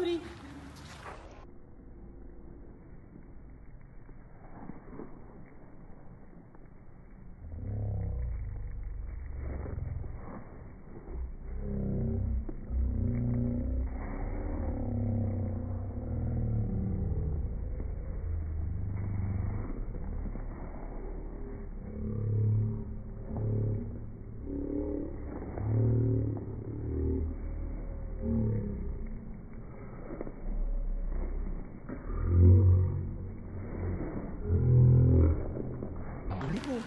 Cody Ooh.